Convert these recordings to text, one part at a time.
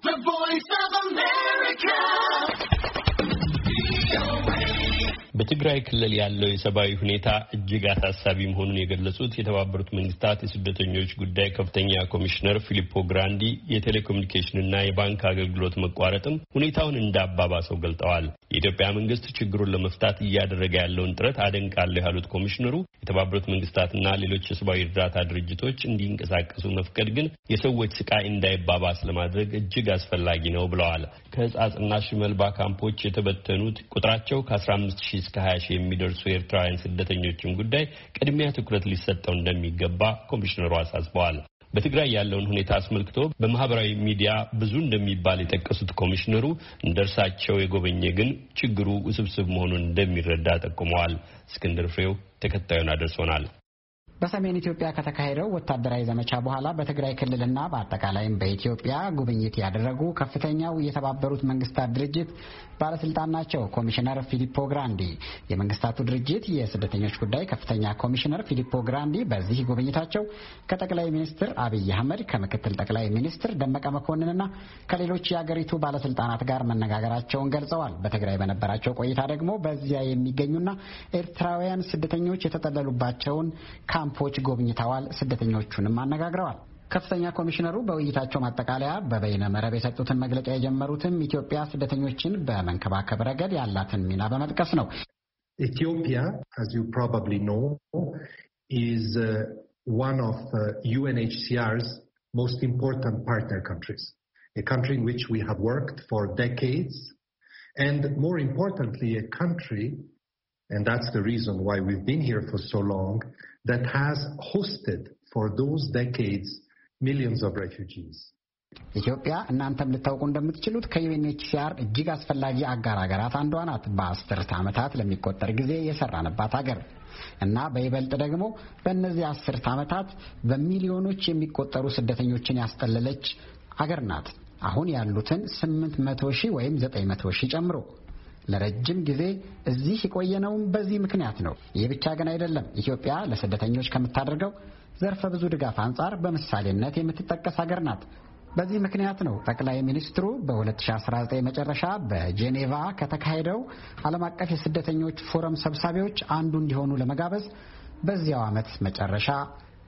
The Voice በትግራይ ክልል ያለው የሰብአዊ ሁኔታ እጅግ አሳሳቢ መሆኑን የገለጹት የተባበሩት መንግስታት የስደተኞች ጉዳይ ከፍተኛ ኮሚሽነር ፊሊፖ ግራንዲ የቴሌኮሙኒኬሽንና የባንክ አገልግሎት መቋረጥም ሁኔታውን እንዳባባሰው ገልጠዋል። የኢትዮጵያ መንግስት ችግሩን ለመፍታት እያደረገ ያለውን ጥረት አደንቃለሁ ያሉት ኮሚሽነሩ የተባበሩት መንግስታትና ሌሎች የሰብአዊ እርዳታ ድርጅቶች እንዲንቀሳቀሱ መፍቀድ ግን የሰዎች ስቃይ እንዳይባባስ ለማድረግ እጅግ አስፈላጊ ነው ብለዋል። ከህጻጽና ሽመልባ ካምፖች የተበተኑት ቁጥራቸው ከ15 ሺህ እስከ እስከ 20 ሺህ የሚደርሱ የኤርትራውያን ስደተኞችን ጉዳይ ቅድሚያ ትኩረት ሊሰጠው እንደሚገባ ኮሚሽነሩ አሳስበዋል። በትግራይ ያለውን ሁኔታ አስመልክቶ በማህበራዊ ሚዲያ ብዙ እንደሚባል የጠቀሱት ኮሚሽነሩ እንደ እርሳቸው የጎበኘ ግን ችግሩ ውስብስብ መሆኑን እንደሚረዳ ጠቁመዋል። እስክንድር ፍሬው ተከታዩን አድርሶናል። በሰሜን ኢትዮጵያ ከተካሄደው ወታደራዊ ዘመቻ በኋላ በትግራይ ክልልና በአጠቃላይም በኢትዮጵያ ጉብኝት ያደረጉ ከፍተኛው የተባበሩት መንግስታት ድርጅት ባለስልጣን ናቸው ኮሚሽነር ፊሊፖ ግራንዲ። የመንግስታቱ ድርጅት የስደተኞች ጉዳይ ከፍተኛ ኮሚሽነር ፊሊፖ ግራንዲ በዚህ ጉብኝታቸው ከጠቅላይ ሚኒስትር አብይ አህመድ ከምክትል ጠቅላይ ሚኒስትር ደመቀ መኮንንና ከሌሎች የአገሪቱ ባለስልጣናት ጋር መነጋገራቸውን ገልጸዋል። በትግራይ በነበራቸው ቆይታ ደግሞ በዚያ የሚገኙና ኤርትራውያን ስደተኞች የተጠለሉባቸውን ካምፖች ጎብኝተዋል፣ ስደተኞቹንም አነጋግረዋል። ከፍተኛ ኮሚሽነሩ በውይይታቸው ማጠቃለያ በበይነ መረብ የሰጡትን መግለጫ የጀመሩትም ኢትዮጵያ ስደተኞችን በመንከባከብ ረገድ ያላትን ሚና በመጥቀስ ነው። ኢትዮጵያ as you probably know is uh, one of UNHCR's uh, most important partner countries, a country in which we have worked for decades, and more importantly, a country, and that's the reason why we've been here for so long, that has hosted for those decades millions of refugees. ኢትዮጵያ እናንተም ልታውቁ እንደምትችሉት ከዩኤንኤችሲአር እጅግ አስፈላጊ አጋር ሀገራት አንዷ ናት። በአስርት ዓመታት ለሚቆጠር ጊዜ የሰራንባት ሀገር እና በይበልጥ ደግሞ በእነዚህ አስርት ዓመታት በሚሊዮኖች የሚቆጠሩ ስደተኞችን ያስጠለለች አገር ናት። አሁን ያሉትን ስምንት መቶ ሺህ ወይም ዘጠኝ መቶ ሺህ ጨምሮ ለረጅም ጊዜ እዚህ የቆየነውም በዚህ ምክንያት ነው። ይህ ብቻ ግን አይደለም። ኢትዮጵያ ለስደተኞች ከምታደርገው ዘርፈ ብዙ ድጋፍ አንጻር በምሳሌነት የምትጠቀስ ሀገር ናት። በዚህ ምክንያት ነው ጠቅላይ ሚኒስትሩ በ2019 መጨረሻ በጄኔቫ ከተካሄደው ዓለም አቀፍ የስደተኞች ፎረም ሰብሳቢዎች አንዱ እንዲሆኑ ለመጋበዝ በዚያው ዓመት መጨረሻ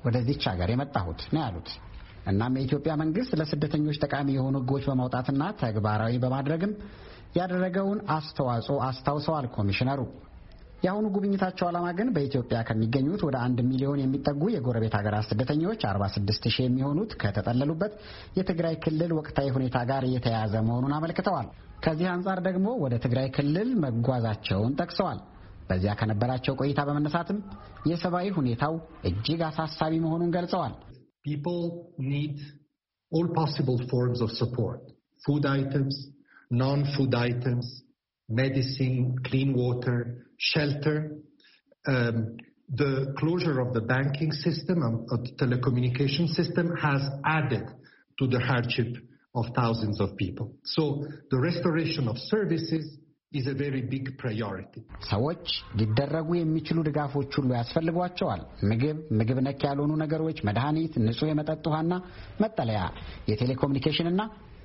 ወደዚች ሀገር የመጣሁት ነው ያሉት። እናም የኢትዮጵያ መንግስት ለስደተኞች ጠቃሚ የሆኑ ህጎች በማውጣትና ተግባራዊ በማድረግም ያደረገውን አስተዋጽኦ አስታውሰዋል ኮሚሽነሩ። የአሁኑ ጉብኝታቸው ዓላማ ግን በኢትዮጵያ ከሚገኙት ወደ አንድ ሚሊዮን የሚጠጉ የጎረቤት ሀገራት ስደተኞች 46 ሺህ የሚሆኑት ከተጠለሉበት የትግራይ ክልል ወቅታዊ ሁኔታ ጋር የተያያዘ መሆኑን አመልክተዋል። ከዚህ አንጻር ደግሞ ወደ ትግራይ ክልል መጓዛቸውን ጠቅሰዋል። በዚያ ከነበራቸው ቆይታ በመነሳትም የሰብአዊ ሁኔታው እጅግ አሳሳቢ መሆኑን ገልጸዋል። ፒፕል ኒድ ኦል ፖሲብል ፎርምስ ኦፍ ሰፖርት ፉድ አይተምስ non-food items, medicine, clean water, shelter. Um, the closure of the banking system and um, the telecommunication system has added to the hardship of thousands of people. So the restoration of services is a very big priority. ሰዎች ሊደረጉ የሚችሉ ድጋፎች ሁሉ ያስፈልጓቸዋል። ምግብ፣ ምግብ ነክ ያልሆኑ ነገሮች፣ መድኃኒት፣ ንጹህ የመጠጥ ውሃና መጠለያ፣ የቴሌኮሙኒኬሽንና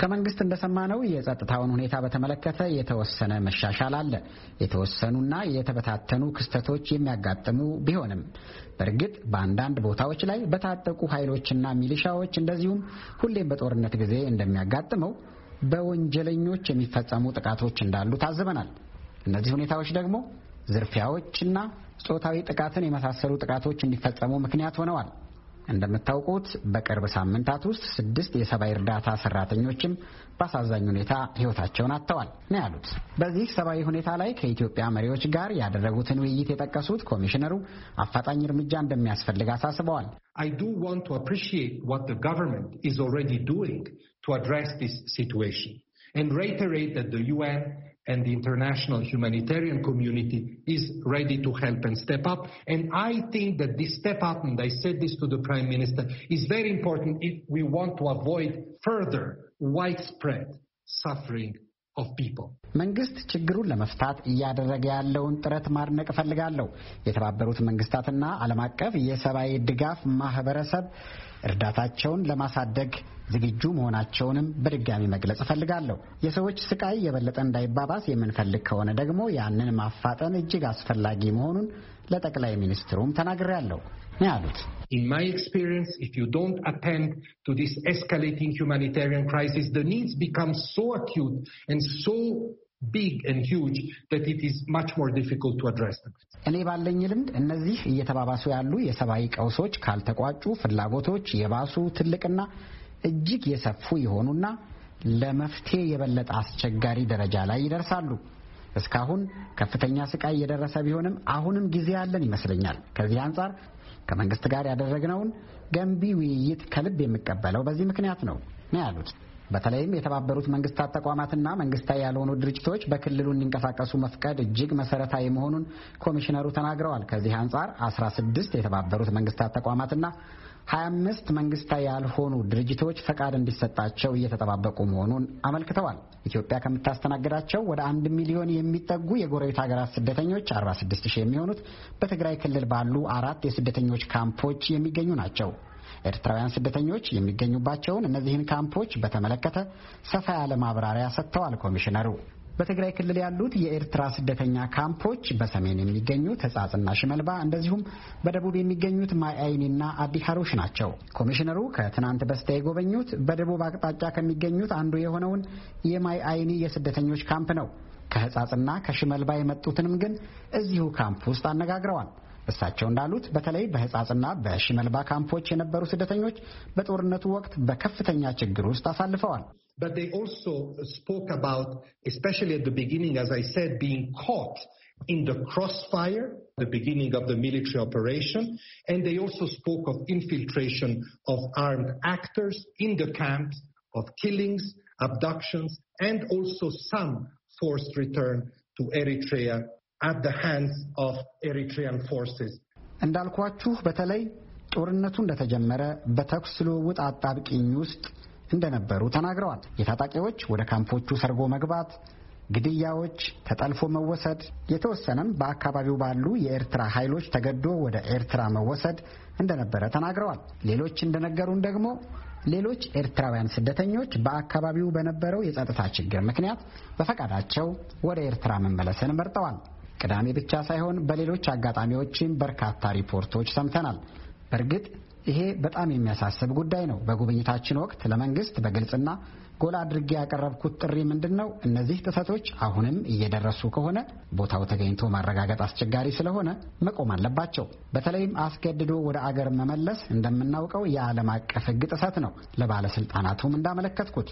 ከመንግስት እንደሰማነው የጸጥታውን ሁኔታ በተመለከተ የተወሰነ መሻሻል አለ። የተወሰኑና የተበታተኑ ክስተቶች የሚያጋጥሙ ቢሆንም በእርግጥ በአንዳንድ ቦታዎች ላይ በታጠቁ ኃይሎችና ሚሊሻዎች እንደዚሁም ሁሌም በጦርነት ጊዜ እንደሚያጋጥመው በወንጀለኞች የሚፈጸሙ ጥቃቶች እንዳሉ ታዝበናል። እነዚህ ሁኔታዎች ደግሞ ዝርፊያዎችና ጾታዊ ጥቃትን የመሳሰሉ ጥቃቶች እንዲፈጸሙ ምክንያት ሆነዋል። እንደምታውቁት በቅርብ ሳምንታት ውስጥ ስድስት የሰብአዊ እርዳታ ሰራተኞችም በአሳዛኝ ሁኔታ ህይወታቸውን አጥተዋል ነው ያሉት። በዚህ ሰብአዊ ሁኔታ ላይ ከኢትዮጵያ መሪዎች ጋር ያደረጉትን ውይይት የጠቀሱት ኮሚሽነሩ አፋጣኝ እርምጃ እንደሚያስፈልግ አሳስበዋል። I do want to appreciate what the government is already doing to address this situation and reiterate that the UN and the international humanitarian community is ready to help and step up. And I think that this step up, and I said this to the Prime Minister, is very important if we want to avoid further widespread suffering መንግስት ችግሩን ለመፍታት እያደረገ ያለውን ጥረት ማድነቅ እፈልጋለሁ። የተባበሩት መንግስታትና ዓለም አቀፍ የሰብአዊ ድጋፍ ማህበረሰብ እርዳታቸውን ለማሳደግ ዝግጁ መሆናቸውንም በድጋሚ መግለጽ እፈልጋለሁ። የሰዎች ስቃይ የበለጠ እንዳይባባስ የምንፈልግ ከሆነ ደግሞ ያንን ማፋጠን እጅግ አስፈላጊ መሆኑን ለጠቅላይ ሚኒስትሩም ተናግሬያለሁ ነው ያሉት። In my experience, if you don't attend to this escalating humanitarian crisis, the needs become so acute and so big and huge that it is much more difficult to address them. እኔ ባለኝ ልምድ እነዚህ እየተባባሱ ያሉ የሰብአዊ ቀውሶች ካልተቋጩ ፍላጎቶች የባሱ ትልቅና እጅግ የሰፉ የሆኑና ለመፍትሄ የበለጠ አስቸጋሪ ደረጃ ላይ ይደርሳሉ። እስካሁን ከፍተኛ ስቃይ እየደረሰ ቢሆንም አሁንም ጊዜ ያለን ይመስለኛል። ከዚህ አንጻር ከመንግስት ጋር ያደረግነውን ገንቢ ውይይት ከልብ የሚቀበለው በዚህ ምክንያት ነው ነው ያሉት። በተለይም የተባበሩት መንግስታት ተቋማትና መንግስታዊ ያልሆኑ ድርጅቶች በክልሉ እንዲንቀሳቀሱ መፍቀድ እጅግ መሰረታዊ መሆኑን ኮሚሽነሩ ተናግረዋል። ከዚህ አንጻር 16 የተባበሩት መንግስታት ተቋማትና 25 መንግስታዊ ያልሆኑ ድርጅቶች ፈቃድ እንዲሰጣቸው እየተጠባበቁ መሆኑን አመልክተዋል። ኢትዮጵያ ከምታስተናግዳቸው ወደ አንድ ሚሊዮን የሚጠጉ የጎረቤት ሀገራት ስደተኞች 46 ሺህ የሚሆኑት በትግራይ ክልል ባሉ አራት የስደተኞች ካምፖች የሚገኙ ናቸው። ኤርትራውያን ስደተኞች የሚገኙባቸውን እነዚህን ካምፖች በተመለከተ ሰፋ ያለ ማብራሪያ ሰጥተዋል ኮሚሽነሩ። በትግራይ ክልል ያሉት የኤርትራ ስደተኛ ካምፖች በሰሜን የሚገኙት ሕጻጽና ሽመልባ እንደዚሁም በደቡብ የሚገኙት ማይአይኒና አዲ ሀሩሽ ናቸው። ኮሚሽነሩ ከትናንት በስቲያ የጎበኙት በደቡብ አቅጣጫ ከሚገኙት አንዱ የሆነውን የማይአይኒ የስደተኞች ካምፕ ነው። ከህጻጽና ከሽመልባ የመጡትንም ግን እዚሁ ካምፕ ውስጥ አነጋግረዋል። But they also spoke about, especially at the beginning, as I said, being caught in the crossfire, the beginning of the military operation. And they also spoke of infiltration of armed actors in the camps, of killings, abductions, and also some forced return to Eritrea at the hands of Eritrean forces. እንዳልኳችሁ በተለይ ጦርነቱ እንደተጀመረ በተኩስ ልውውጥ አጣብቂኝ ውስጥ እንደነበሩ ተናግረዋል። የታጣቂዎች ወደ ካምፖቹ ሰርጎ መግባት፣ ግድያዎች፣ ተጠልፎ መወሰድ፣ የተወሰነም በአካባቢው ባሉ የኤርትራ ኃይሎች ተገዶ ወደ ኤርትራ መወሰድ እንደነበረ ተናግረዋል። ሌሎች እንደነገሩን ደግሞ ሌሎች ኤርትራውያን ስደተኞች በአካባቢው በነበረው የጸጥታ ችግር ምክንያት በፈቃዳቸው ወደ ኤርትራ መመለስን መርጠዋል። ቅዳሜ ብቻ ሳይሆን በሌሎች አጋጣሚዎችም በርካታ ሪፖርቶች ሰምተናል። በእርግጥ ይሄ በጣም የሚያሳስብ ጉዳይ ነው። በጉብኝታችን ወቅት ለመንግስት በግልጽና ጎላ አድርጌ ያቀረብኩት ጥሪ ምንድን ነው? እነዚህ ጥሰቶች አሁንም እየደረሱ ከሆነ ቦታው ተገኝቶ ማረጋገጥ አስቸጋሪ ስለሆነ መቆም አለባቸው። በተለይም አስገድዶ ወደ አገር መመለስ እንደምናውቀው የዓለም አቀፍ ሕግ ጥሰት ነው። ለባለስልጣናቱም እንዳመለከትኩት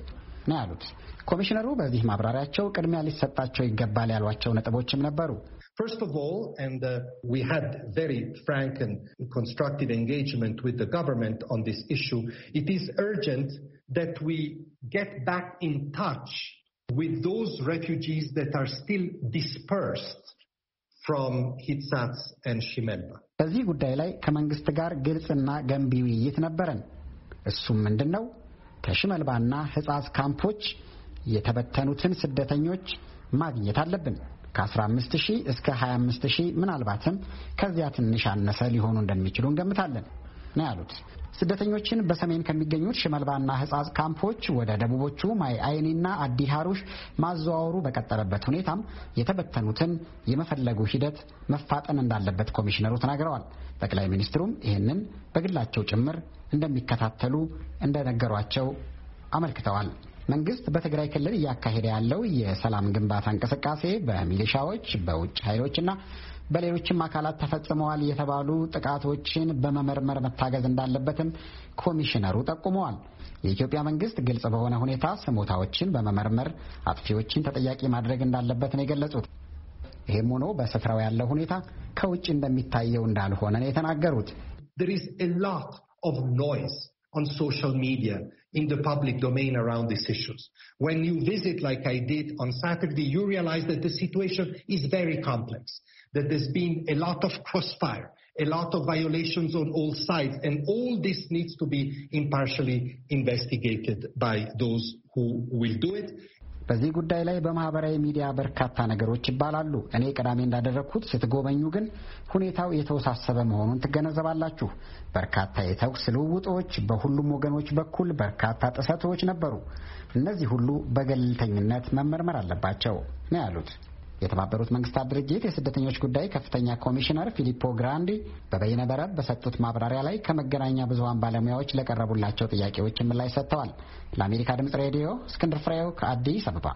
ነው ያሉት ኮሚሽነሩ። በዚህ ማብራሪያቸው ቅድሚያ ሊሰጣቸው ይገባል ያሏቸው ነጥቦችም ነበሩ። First of all, and uh, we had very frank and constructive engagement with the government on this issue, it is urgent that we get back in touch with those refugees that are still dispersed from Hitsats and Shimelba. በዚህ ጉዳይ ላይ ከመንግስት ጋር ግልጽና ገንቢ ውይይት ነበረን። እሱም ምንድን ነው? ከሽመልባና ሕጻጽ ካምፖች የተበተኑትን ስደተኞች ማግኘት አለብን። ከ15 ሺህ እስከ 25 ሺህ ምናልባትም ከዚያ ትንሽ አነሰ ሊሆኑ እንደሚችሉ እንገምታለን ነው ያሉት። ስደተኞችን በሰሜን ከሚገኙት ሽመልባና ሕጻጽ ካምፖች ወደ ደቡቦቹ ማይ አይኒና አዲ ሀሩሽ ማዘዋወሩ በቀጠለበት ሁኔታም የተበተኑትን የመፈለጉ ሂደት መፋጠን እንዳለበት ኮሚሽነሩ ተናግረዋል። ጠቅላይ ሚኒስትሩም ይህንን በግላቸው ጭምር እንደሚከታተሉ እንደነገሯቸው አመልክተዋል። መንግስት በትግራይ ክልል እያካሄደ ያለው የሰላም ግንባታ እንቅስቃሴ በሚሊሻዎች በውጭ ኃይሎችና በሌሎችም አካላት ተፈጽመዋል የተባሉ ጥቃቶችን በመመርመር መታገዝ እንዳለበትም ኮሚሽነሩ ጠቁመዋል። የኢትዮጵያ መንግስት ግልጽ በሆነ ሁኔታ ስሞታዎችን በመመርመር አጥፊዎችን ተጠያቂ ማድረግ እንዳለበት ነው የገለጹት። ይህም ሆኖ በስፍራው ያለው ሁኔታ ከውጭ እንደሚታየው እንዳልሆነ ነው የተናገሩት። on social media in the public domain around these issues. When you visit, like I did on Saturday, you realize that the situation is very complex, that there's been a lot of crossfire, a lot of violations on all sides, and all this needs to be impartially investigated by those who will do it. በዚህ ጉዳይ ላይ በማህበራዊ ሚዲያ በርካታ ነገሮች ይባላሉ። እኔ ቅዳሜ እንዳደረግኩት ስትጎበኙ ግን ሁኔታው የተወሳሰበ መሆኑን ትገነዘባላችሁ። በርካታ የተኩስ ልውውጦች፣ በሁሉም ወገኖች በኩል በርካታ ጥሰቶች ነበሩ። እነዚህ ሁሉ በገለልተኝነት መመርመር አለባቸው ነው ያሉት። የተባበሩት መንግስታት ድርጅት የስደተኞች ጉዳይ ከፍተኛ ኮሚሽነር ፊሊፖ ግራንዲ በበይነ መረብ በሰጡት ማብራሪያ ላይ ከመገናኛ ብዙሀን ባለሙያዎች ለቀረቡላቸው ጥያቄዎች ምላሽ ሰጥተዋል። ለአሜሪካ ድምጽ ሬዲዮ እስክንድር ፍሬው ከአዲስ አበባ